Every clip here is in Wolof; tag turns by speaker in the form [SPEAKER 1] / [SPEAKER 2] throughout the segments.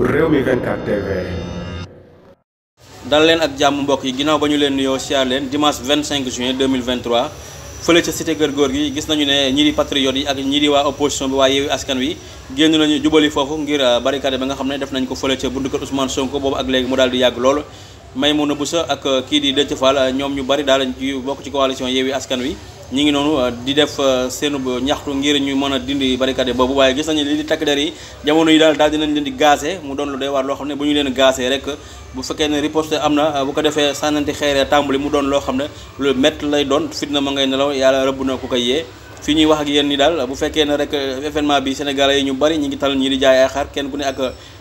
[SPEAKER 1] Rewmi 24
[SPEAKER 2] TV. dal leen ak jàmm mbokk yi ginnaaw ba ñu leen nuyoo siyaar leen dimanche 25 juin 2023 fële ca cité kër góor gi gis nañu ne ñii di patriotes yi ak ñii di waa opposition bi waa yeewi askan wi génn nañu jubali foofu ngir euh, barricade ba nga xam ne def nañ ko fële ca buntu kër Ousmane Sonko boobu ak léegi mu daal di yàgg lool. Maymouna Boussa ak euh, kii di Déthié Fall euh, ñoom ñu bari daal di bokk ci coalition yeewi askan wi. ñi ngi noonu euh, di def euh, seenu ñaxtu ngir ñu mën a dindi barricade boobu waaye gis nañu li di takk der yi jamono yi daal daal dinañ leen di gaase mu doon lu doy waar loo xam ne bu ñu leen gaasee rek bu fekkee ne riposte am na bu ko defee sànnanti xeere tàmbali mu doon loo xam ne lu métti lay doon fitna ma ngay nelaw yàlla rëbb na ku koy yee fi ñuy wax ak yéen ni daal bu fekkee ne rek euh, événement bi Sénégalais yi ñu bari ñu ngi tal ñi di jaay ay xar kenn ku ne ak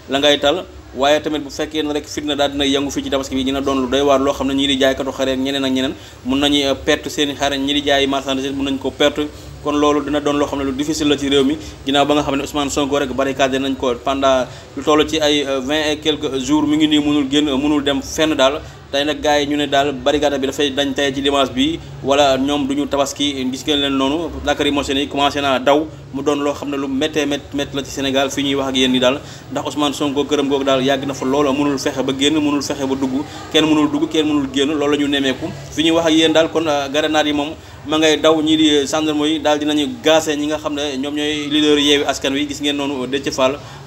[SPEAKER 2] la ngay tal waaye tamit bu fekkee ne rek fitna daal dina yëngu fii ci tabaski bi dina doon lu doy waar loo xam ne ñii di jaaykatu xare ñeneen ak ñeneen mun nañu eh, perte seen i xare ñi di jaay marchandise mun nañ ko perte kon loolu dina doon loo xam ne lu difficile la ci réew mi ginnaaw ba nga xam ne Ousmane Sonko rek barricade nañ ko pendant lu toll ci ay euh, vingt et quelques jours mi ngi nii mënul génn mënul dem fenn daal tey nag gars yi ñu ne daal barricade bi dafay dañ tey ci dimanche bi wala ñoom duñu tabaski gis ngeen leen noonu lacrymogène yi commencé naa daw mu doon loo xam ne lu méttee mét mét la ci Sénégal fi ñuy wax ak yéen ni daal ndax Ousmane Sonko këram googu daal yàgg na fa loola mënul fexe ba génn mënul fexe ba dugg kenn mënul dugg kenn mënul génn loolu ñu nemeeku fi ñuy wax ak daal kon euh, garanaat yi moom ma ngay daw ñii di gendarme yi daal dinañu gaase ñi nga xam ne ñoom ñooy leader yeewi askan wi gis ngeen noonu Déthié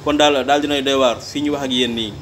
[SPEAKER 2] kon daal daal dinay doy waar fi ñu wax ak yéen nii